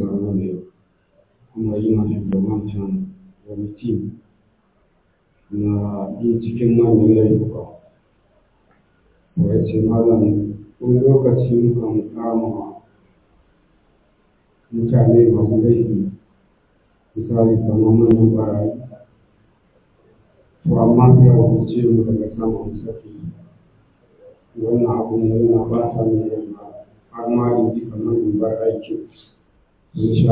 gahunda amazina mpuzamahanga ya mitima na yi cikin manyan laifuka ya ce malam wani lokaci mukan kama mutane misali kamar manyan barayi to amma sai a wuce mu daga samun yi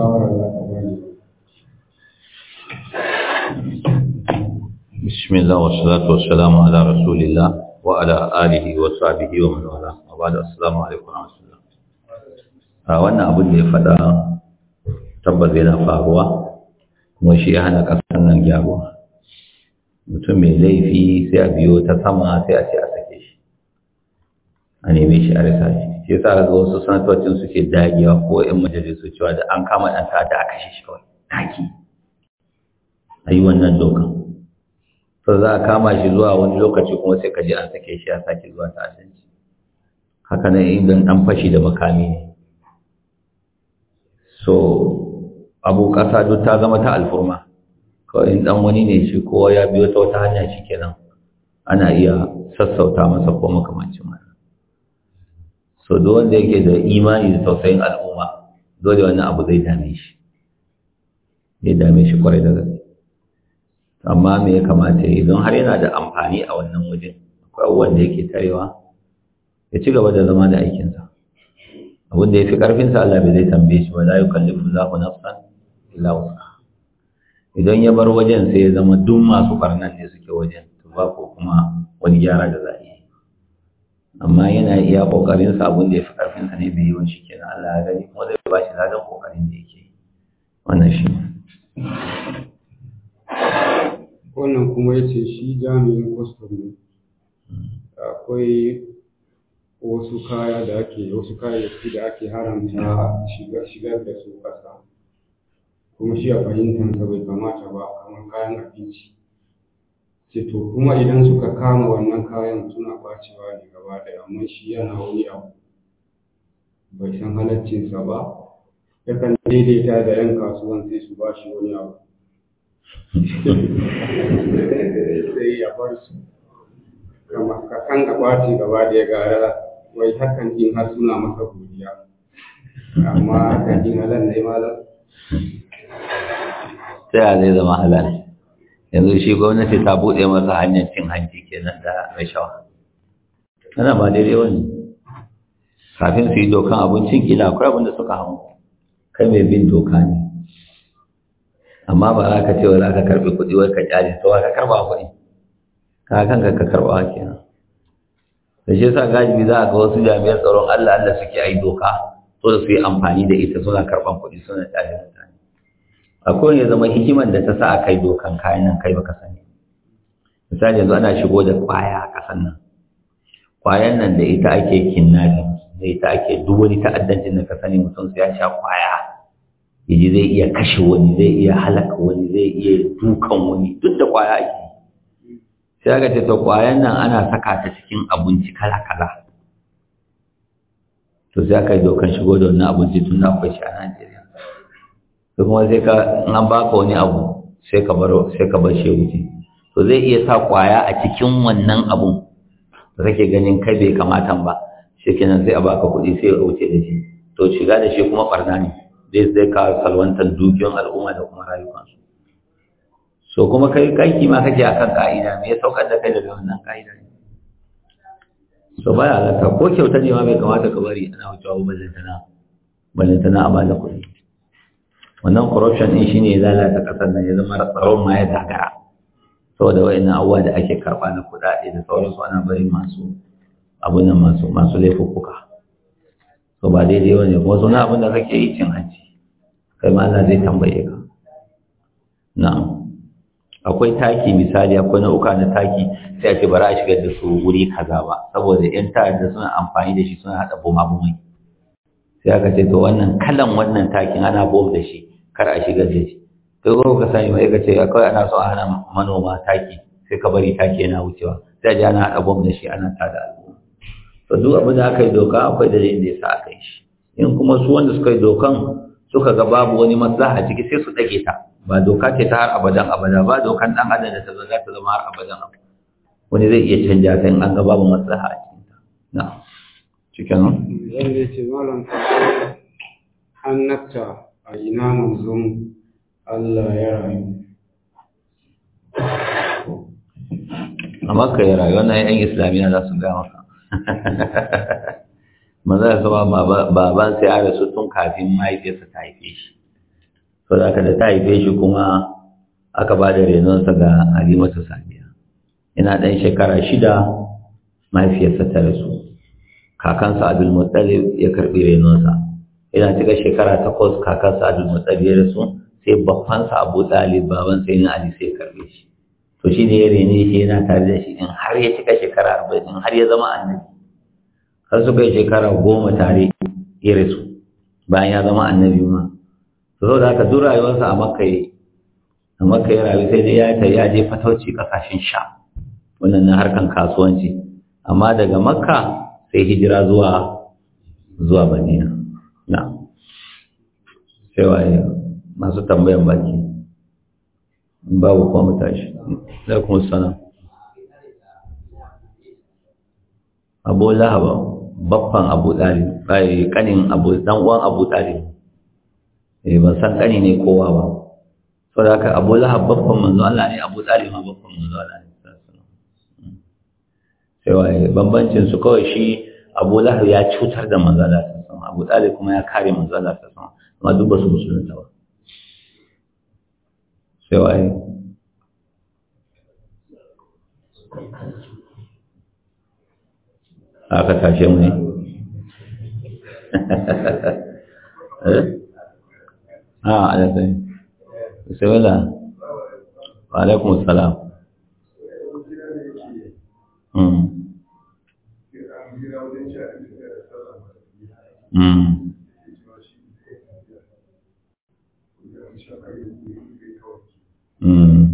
بسم الله والصلاة والسلام على رسول الله وعلى آله وصحبه ومن السلام عليكم ورحمة الله wannan abin da ya faɗa tabbas yana faruwa kuma shi ya hana ƙasar nan gyaruwa mutum mai laifi sai a biyo ta sama sai a ce a sake shi a neme shi a rasa shi shi yasa ga wasu sanatocin suke dagewa ko ƴan majalisu cewa da an kama ɗan sa'ada a kashe shi kawai daki a yi wannan dokan to za a kama shi zuwa wani lokaci kuma sai ka je an sake shi ya sake zuwa ta'addanci haka nan idan ɗan fashi da makami ne so abu ƙasa duk ta zama ta alfurma kawai in ɗan wani ne shi kowa ya biyo ta wata hanya shi kenan ana iya sassauta masa ko makamancin wani so duk wanda yake da imani da tausayin al'umma dole wannan abu zai dame shi zai dame shi kwarai da gaske amma me ya kamata ya yi don har yana da amfani a wannan wajen akwai abubuwan da yake tarewa ya ci gaba da zama da aikinsa abin da ya fi ƙarfinsa Allah bai zai tambaye shi ba la yukallifu Allahu nafsan illa idan ya bar wajen sai ya zama duk masu barnan ne suke wajen to ba ko kuma wani gyara da za yi amma yana iya kokarin sa abin da ya fi karfin sa ne bai yi wani shike kenan Allah ya gani kuma zai ba shi ladan kokarin da yake wannan shi wannan kuma ya ce shi jami'in kwastam ne akwai wasu kaya da ake wasu kayayyaki da ake haramta shigar da su kasa kuma shi a fahimtansa bai kamata ba kamar kayan abinci ce to kuma idan suka kama wannan kayan suna ɓacewa ne gaba ɗaya amma shi yana wani abu bai san sa ba yakan daidaita da 'yan kasuwan sai su ba shi wani abu sai ya bar su ka san ka ɓace gaba ɗaya gara wai hakan din har suna masa godiya amma hakan din halar ne malam ta zai zama halal yanzu shi gwamnati ta buɗe masa hanyar cin hanci kenan da mai shawa tana ba daidai wani kafin su yi dokan abincin kila akwai abin da suka hau kai mai bin doka ne amma ba za ka ce wa za ka karɓi kuɗi wai ka kyale to ka karɓa kuɗi ka kanka ka karɓa kenan da shi sa gajibi za a ga wasu jami'an tsaron Allah Allah suke ai doka so da su yi amfani da ita suna karɓan kuɗi suna kyale akwai ya zama hikimar da ta sa a kai dokan kayan nan kai baka sani misali yanzu ana shigo da kwaya a kasan nan kwayan nan da ita ake kinnafin da ita ake duk wani ta'addancin da ka sani mutum sai ya sha kwaya yaji zai iya kashe wani zai iya halaka wani zai iya dukan wani duk da kwaya ake sai aka ce to kwayan nan ana saka ta cikin abinci kala-kala to sai aka yi dokan shigo da wannan abinci tun da akwai shi a Najeriya da kuma sai ka an baka wani abu sai ka bar sai ka bar shi wuce to zai iya sa kwaya a cikin wannan abun da kake ganin kai bai kamata ba shikenan sai a baka kuɗi sai ya wuce da shi to shiga da shi kuma barna ne zai zai ka salwantar dukiyar al'umma da kuma rayukansu so kuma kai kai ma kake akan ka'ida me ya saukar da kai daga wannan ka'ida ne so baya halatta ko kyauta ne ma bai kamata ka bari ana wucewa ba zai tana a bada kuɗi wannan corruption din shine ya lalata kasar nan ya zama tsaron ma ya dagara saboda wayannan abubuwa da ake karba na kuɗaɗe da su ana bari masu abun nan masu masu laifuka to ba daidai wani kuma suna abin da kake yi cin hanci kai ma Allah zai tambaye ka na'am akwai taki misali akwai nau'uka na taki sai ake bara a shigar da su wuri kaza ba saboda yan da suna amfani da shi suna haɗa bumabumai sai aka ce to wannan kalan wannan takin ana bom da shi kar a shiga jeji kai ko ka sani mai ka ce kawai ana so a hana manoma taki sai ka bari taki yana wucewa sai ji ana haɗa bom shi ana tada al'umma to duk abin da aka yi doka akwai dalilin da ya sa aka yi shi in kuma su wanda suka yi dokan suka ga babu wani maslaha ciki sai su ɗage ta ba doka ce ta har abadan abada ba dokan ɗan adam da ta zo za ta zama har abadan abada wani zai iya canja ta in an ga babu maslaha a cikin na cikin nan zai ce malam an nakta a ina manzon Allah ya rayu a maka ya rayu wannan yan islamiyya za su ga maka manzon sama baban sai ya rasu tun kafin mahaifiyarsa ta haife shi so da aka da ta haife shi kuma aka ba da renonsa ga halimatu saniya ina ɗan shekara shida mahaifiyarsa ta rasu kakansa abdulmuttalib ya karɓi renonsa yana cika shekara takwas kakarsa abdul mutsali ya rasu sai babbansa abu talib baban sai na ali sai karbe shi to shi ne ya rene shi yana tare da shi in har ya cika shekara arba'in har ya zama annabi har su kai shekara goma tare ya rasu bayan ya zama annabi ma to sau da haka duk rayuwarsa a makka ya a makka ya rayu sai dai ya ya je fatauci kasashen sha wannan na harkan kasuwanci amma daga makka sai hijira zuwa zuwa madina na cewa masu tambayan baki babu kuma mutashi da kuma sana abu lahaba baffan abu ɗari kanin abu ɗan'uwan abu ɗari eh, ban san kani ne kowa ba saboda haka abu lahab baffan manzo Allah ne abu ɗari ma baffan manzo Allah ne sai waye bambancin su kawai shi abu lahab ya cutar da manzo Allah sallallahu abu talib kuma ya kare manzo Allah sallallahu alaihi wasallam amma duk ba su musulunta ba sai wai aka tashe mu ne ha ah, ala sai wala wa alaikumussalam mm Mm. Mm.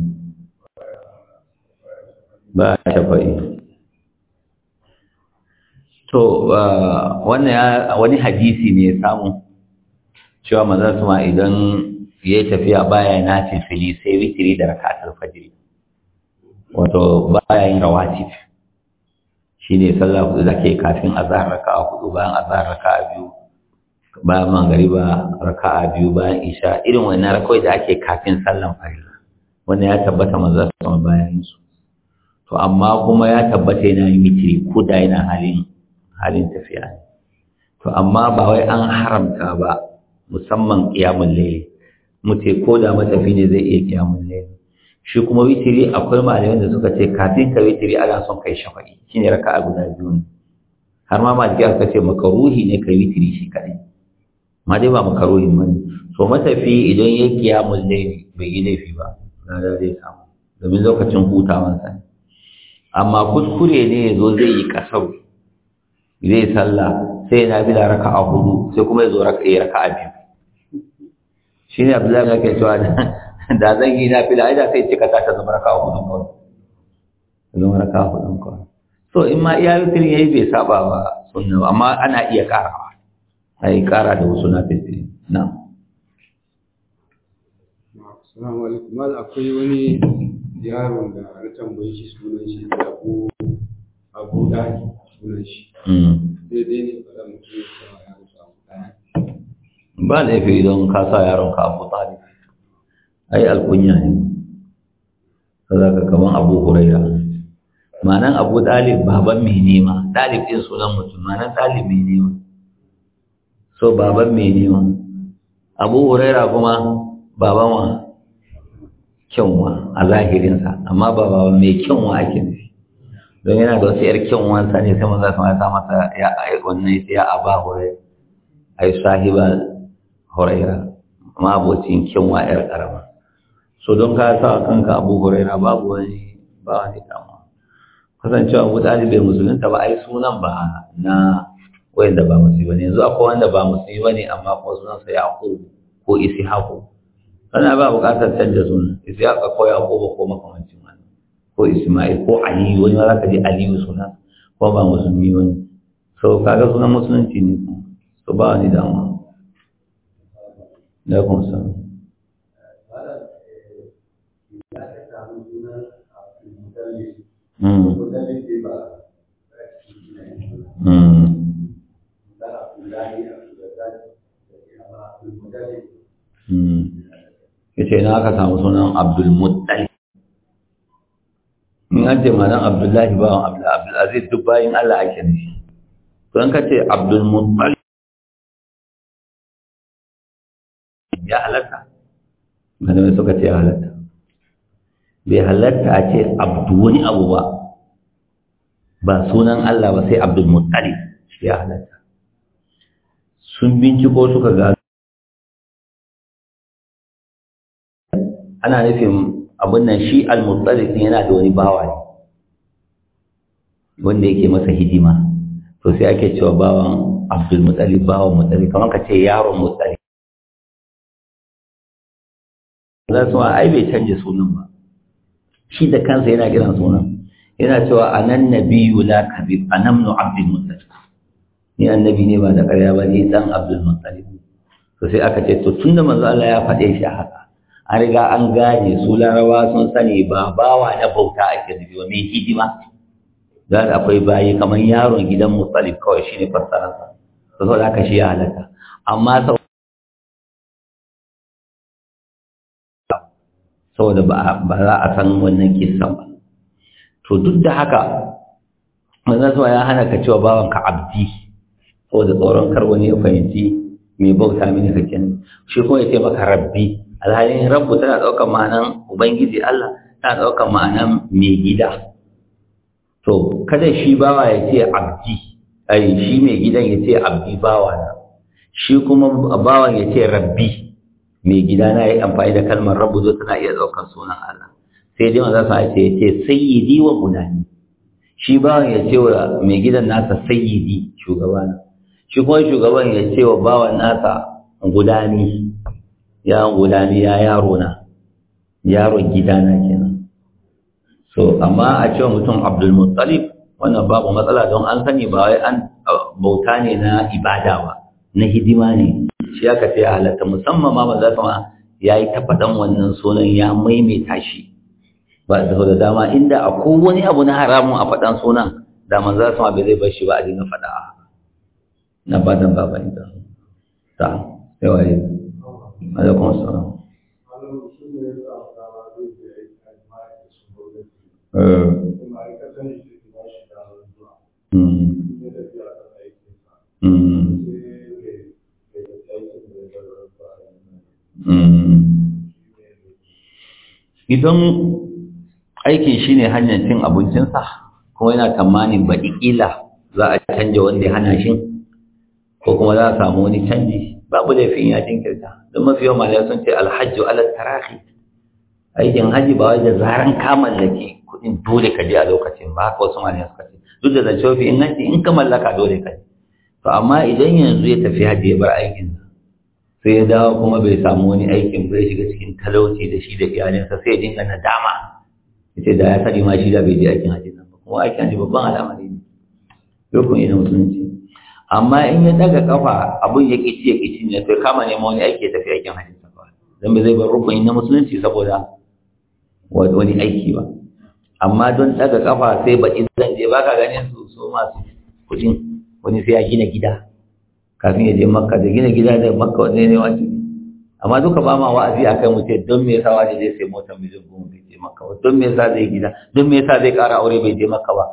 ba a shafa'i to wani hadisi ne samu cewa maza su ma idan ya tafiya baya na fili sai witiri da rakatar fajiri wato baya yin rawatifi. shine sallah hudu da ke kafin azhar raka'a hudu bayan azhar raka'a biyu bayan magariba raka'a biyu bayan isha irin wannan rakawai da ake kafin sallan farilla wannan ya tabbata manzo sama bayan su to amma kuma ya tabbata yana yi mitri ko da yana halin tafiya to amma ba wai an haramta ba musamman qiyamul layl mutai ko da matafi ne zai iya qiyamul layl shi kuma witiri akwai malamin da suka ce kafin ka witiri ana son kai shafa'i shine raka'a guda biyu har ma jiya suka ce makaruhi ne kai witiri shi kadai ma dai ba makaruhi ba ne so matafi idan ya kiyamul laili bai yi laifi ba na da zai samu domin lokacin hutawan sa amma kuskure ne zo zai yi kasau zai sallah sai ya raka raka'a hudu sai kuma ya zo raka'a biyu shine abdullahi yake cewa da zan yi na fila ai da sai cika ta ta zama raka hudun kawai zama raka hudun kawai so in ma iya witir yayi bai saba ba sunna ba amma ana iya ba. ai kara da wasu na fitri na Assalamu alaikum mal akwai wani yaron da na tambaye shi sunan shi da Abu Abu Dadi sunan shi daidai hmm. ne ba mutum ya sa yaro Abu ba laifi don ka sa yaron ka Abu Talib ai alkunya ne saboda kaman abu huraira ma'anan abu dalib baban mai nema dalib ɗin sunan mutum ma'anan dalib mai nema so baban mai nema abu huraira kuma baban wa kyanwa a zahirinsa amma ba baban mai kyanwa ake nufi don yana da wasu 'yar kyanwansa ne sai maza kamar ta masa ya wannan ya aba huraira ai sahiba huraira kyanwa 'yar ƙarama so don ka sa kanka abu huraira babu wani ba wani damuwa kasancewa abu bai musulunta ba ai sunan ba na wayanda ba musulmi bane yanzu akwai wanda ba musulmi bane amma ko ya yaqub ko ishaqu kana ba buƙatar canja sunan haka ko yaqub ko makamancin wannan ko isma'il ko ali wani ma zaka ji ali sunan ko ba musulmi bane so kaga sunan musulunci ne so ba wani damuwa da kuma sanin Mm. Mm. Mm. yace na aka samu sunan abdulmuttalib in an ce malam abdullahi bawan abdulaziz duk bayan allah ake nufi to an ka ce abdulmuttalib ya halatta malamai suka ce ya halatta bai halatta a ce abdu wani abu ba ba sunan Allah ba sai abdul muttalib ya halatta sun binciko suka gano ana nufin abin nan shi al ne yana da wani bawa ne wanda yake masa hidima to sai ake cewa bawan abdul muttalib bawan muttalib kamar ka ce yaron muttalib za su ai bai canja sunan ba shi da kansa yana kiran sunan yana cewa anan nabiyyu la kabir anamnu abdul muttalib ni annabi ne ba da ƙarya ba ni dan abdul muttalib to sai aka ce to tunda manzo Allah ya faɗe shi haka an riga an gane su larawa sun sani ba bawa na bauta ake nufi wa mai hidima za da akwai bayi kamar yaron gidan mutsalif kawai shine fassararsa to saboda haka shi ya halaka amma saboda ba za a san wannan kisan ba to duk da haka manzon sama ya hana ka cewa bawanka abdi saboda tsoron kar wani ya fahimci mai bauta mini kake shi kuma ya ce maka rabbi alhalin rabbu tana ɗaukar ma'anan ubangiji Allah tana ɗaukar ma'anan mai gida to kada shi bawa ya ce abdi ai shi mai gidan ya ce abdi bawa na shi kuma bawan ya ce rabbi mai gida na yi amfani da kalmar rabu zai tana iya ɗaukar sunan Allah sai dai maza sa ce ya ce sayyidi wa gudani shi bawan ya ce wa mai gidan nasa sayyidi shugaba shi kuma shugaban ya ce wa bawan nasa gudani ya gudani ya yaro na gida gidana kenan so amma a cewa mutum abdul muttalib wannan babu matsala don an sani ba wai an bauta ne na ibada ba na hidima ne shi aka ce ya halatta musamman ma za ka ma ya yi tafaɗan wannan sunan ya maimaita shi ba da da dama inda ko wani abu na haramun a faɗan sunan da manzo ma bai zai bar shi ba a dinga faɗa na badan baba inda ta yawa yi alaikum assalam Uh... idan aikin shi ne hanyar cin abincinsa kuma yana tamanin baɗi ƙila za a canja wanda ya hana shi ko kuma za a samu wani canji babu laifin ya jinkirta don mafi yawan malaya sun ce alhajju ala tarahi aikin haji ba wajen da kamar ka ke kuɗin dole ka je a lokacin ba haka wasu malaya suka ce duk da zance in inganci in ka mallaka dole ka je to amma idan yanzu ya tafi haji ya bar aikin sai ya dawo kuma bai samu wani aikin bai shiga cikin talauci da shi da iyalinsa sai ya dinga nadama ce da ya sani ma shi da bai je aikin hajji nan ba kuma aikin hajji babban al'amari ne dokun ina musulunci amma in ya daga kafa abun ya kici ya kici ne sai kama neman wani aiki ya tafi aikin hajji sa ba dan bai zai bar rukuni na musulunci saboda wani aiki ba amma don daga kafa sai baki zan je baka ganin su so masu kudin wani sai ya gina gida kafin ya je makka da gina gida da makka wanne ne wajibi amma duka ba ma wa'azi a kai ce don me yasa wani zai sai motar mijin mu bai je makka ba don me yasa zai gida don me yasa zai kara aure bai je makka ba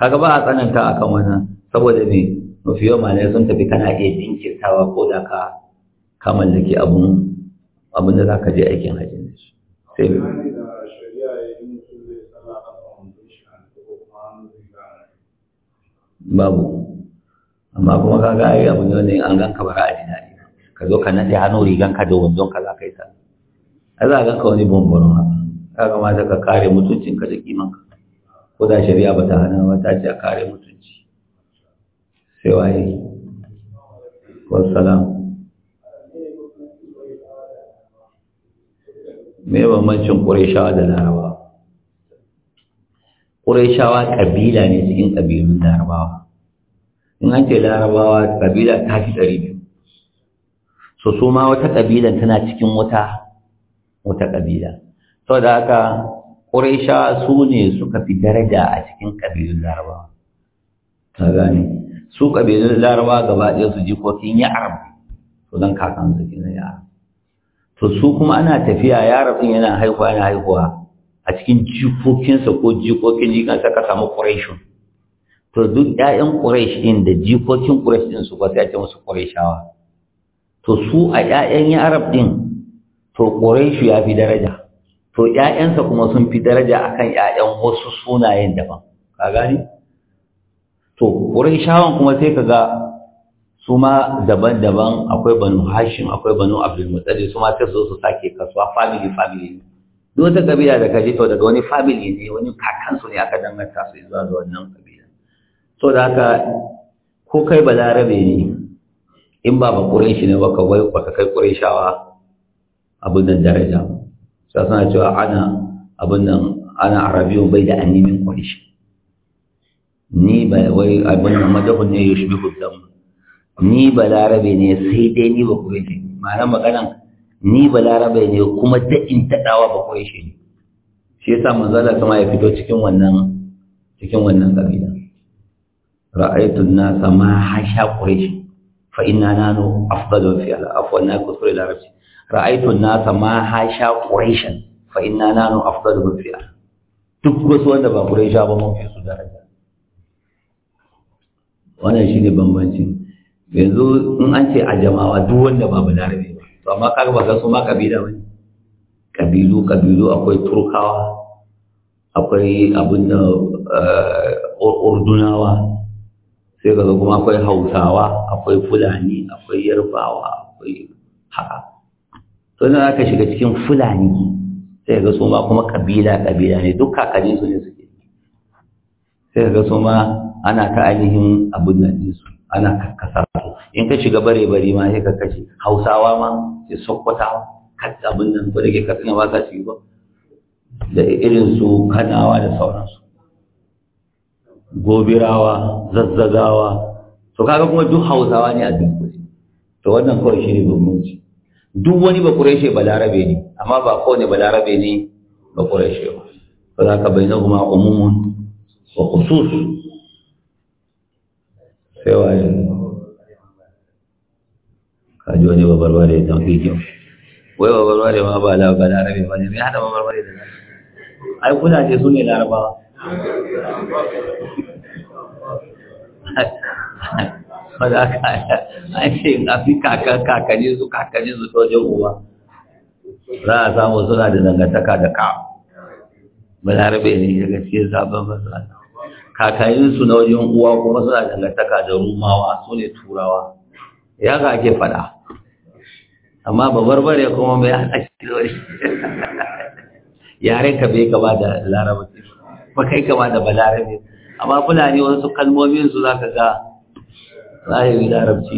kaga ba a tsananta a kan wannan saboda me mafi yawan malai sun tafi kana iya jinkirtawa ko da ka ka mallaki abun abin da za ka je aikin hajji da shi sai babu amma kuma ka ga ai abu ne wanda an gan ka bara a jina ne ka zo ka nace hannu ka da wanzon ka za ka yi ta a za a ka wani bambaron haka ka ga mata ka kare mutuncinka da kiman ka. ko da shari'a ba ta hana ba ta ce a kare mutunci sai waye wassalam me bambancin ƙurashawa da larabawa ƙureshawa ƙabila ne cikin ƙabilun larabawa in an ce larabawa kabila ta fi ɗari biyu so su ma wata kabila tana cikin wata wata kabila sau da haka ƙuraisha su ne suka fi daraja a cikin kabilun larabawa ta gane su kabilun larabawa gaba ɗaya su jikokin ya arab to don kakan su kenan ya arab to su kuma ana tafiya yaron yana haihuwa yana haihuwa a cikin jikokinsa ko jikokin jikansa ka samu ƙuraishin to duk ƴaƴan Quraysh ɗin da jikokin Quraysh ɗin su ba a ake musu ƙurashawa. to su a ƴaƴan Yarab ɗin, to Quraysh ya fi daraja to ƴaƴansa kuma sun fi daraja akan ƴaƴan wasu sunayen daban ka gani to Qurayshawan kuma sai kaga su ma daban-daban akwai Banu Hashim akwai Banu Abdul Muttalib su ma sai su sake kasuwa family family duk wata kabila da kaji to daga wani family ne wani kakansu ne aka danganta su zuwa da wannan to da haka ko kai balarabe ne in ba ba shi ne baka wai baka kai shawa abin nan daraja sa suna cewa ana abin nan ana arabiyun bai da annimin shi ni ba wai abin nan madahun ne ya shi hudan ni balarabe ne sai dai ni ba shi ma'ana maganan ni balarabe ne kuma daɗin taɗawa ba shi ne shi sa manzala kama ya fito cikin wannan cikin wannan kabila ra'aytun nasa ma hasha quraish fa inna nanu afdalu fi al-afwa na kusur al-arabci ra'aytun nasa ma hasha quraish fa inna nanu afdalu fi al duk wasu wanda ba quraish ba mun fi su daraja wannan shine bambanci yanzu in an ce a jamawa duk wanda ba balarabe ba to amma kaga ba ga su ma kabila bane kabilu kabilu akwai turkawa akwai abin da eh, urdunawa sai ga kuma akwai hausawa akwai fulani akwai yarbawa akwai haka to ne aka shiga cikin fulani sai ga su ma kuma kabila kabila ne duk kakanni su ne suke sai ga su ma ana ta ainihin abin nan din su ana kakkasa su in ka shiga bare bare ma sai ka kashe hausawa ma sai sokota kadda abin nan ko da ke katsina ba ka ci ba da irin su kanawa da sauransu gobirawa zazzagawa to kaga kuma duk hausawa ne a dunkule to wannan kawai shi ne bambanci duk wani ba kureshe balarabe ne amma ba kowane balarabe ne ba kureshe ba to za ka bayyana kuma umumun wa khusus sai waye kaji wani babar ware da tafi kyau wai babar ware ma ba balarabe ba ne mai hada babar ware da ai kuna ce su ne larabawa wadda aka ake afi kakanni su kakanni su toje uwa za a samu suna da dangantaka da ka balarabe ne daga cikin sabon masana kakannin su na wajen uwa kuma suna dangantaka da rumawa su ne turawa ya ga ake fada amma babarbare kuma mai haɗa shi yaren ka bai gaba da larabci ba kai kama da balarabe amma fulani wasu kalmomin su zaka ga zahiri larabci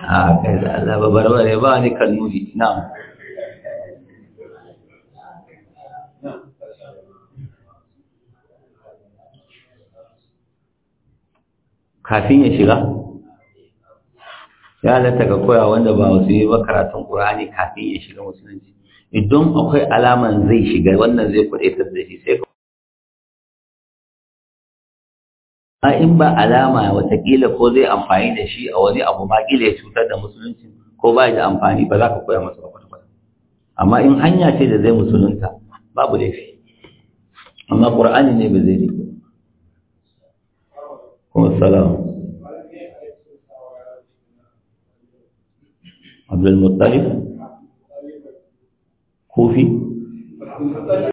a kai da Allah ba barbare ba ni kalmomi na kafin ya shiga ya halatta ga koya wanda ba wasu yi ba karatun ƙurani kafin ya shiga musulunci idan akwai alaman zai shiga wannan zai kudaitar da shi sai ka in ba alama watakila ko zai amfani da shi a wani abu ma ya cutar da musulunci ko ba da amfani ba za ka koya masa ba kwata kwata amma in hanya ce da zai musulunta babu laifi amma qur'ani ne ba zai rike kuma salam abdul muttalib Houve